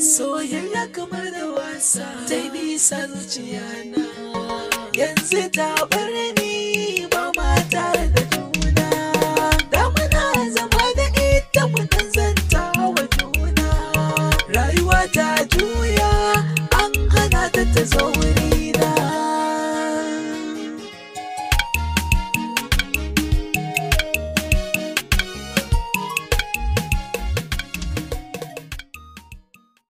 soyayya kamar da wasa ta yi zuciya na yanzu ta bar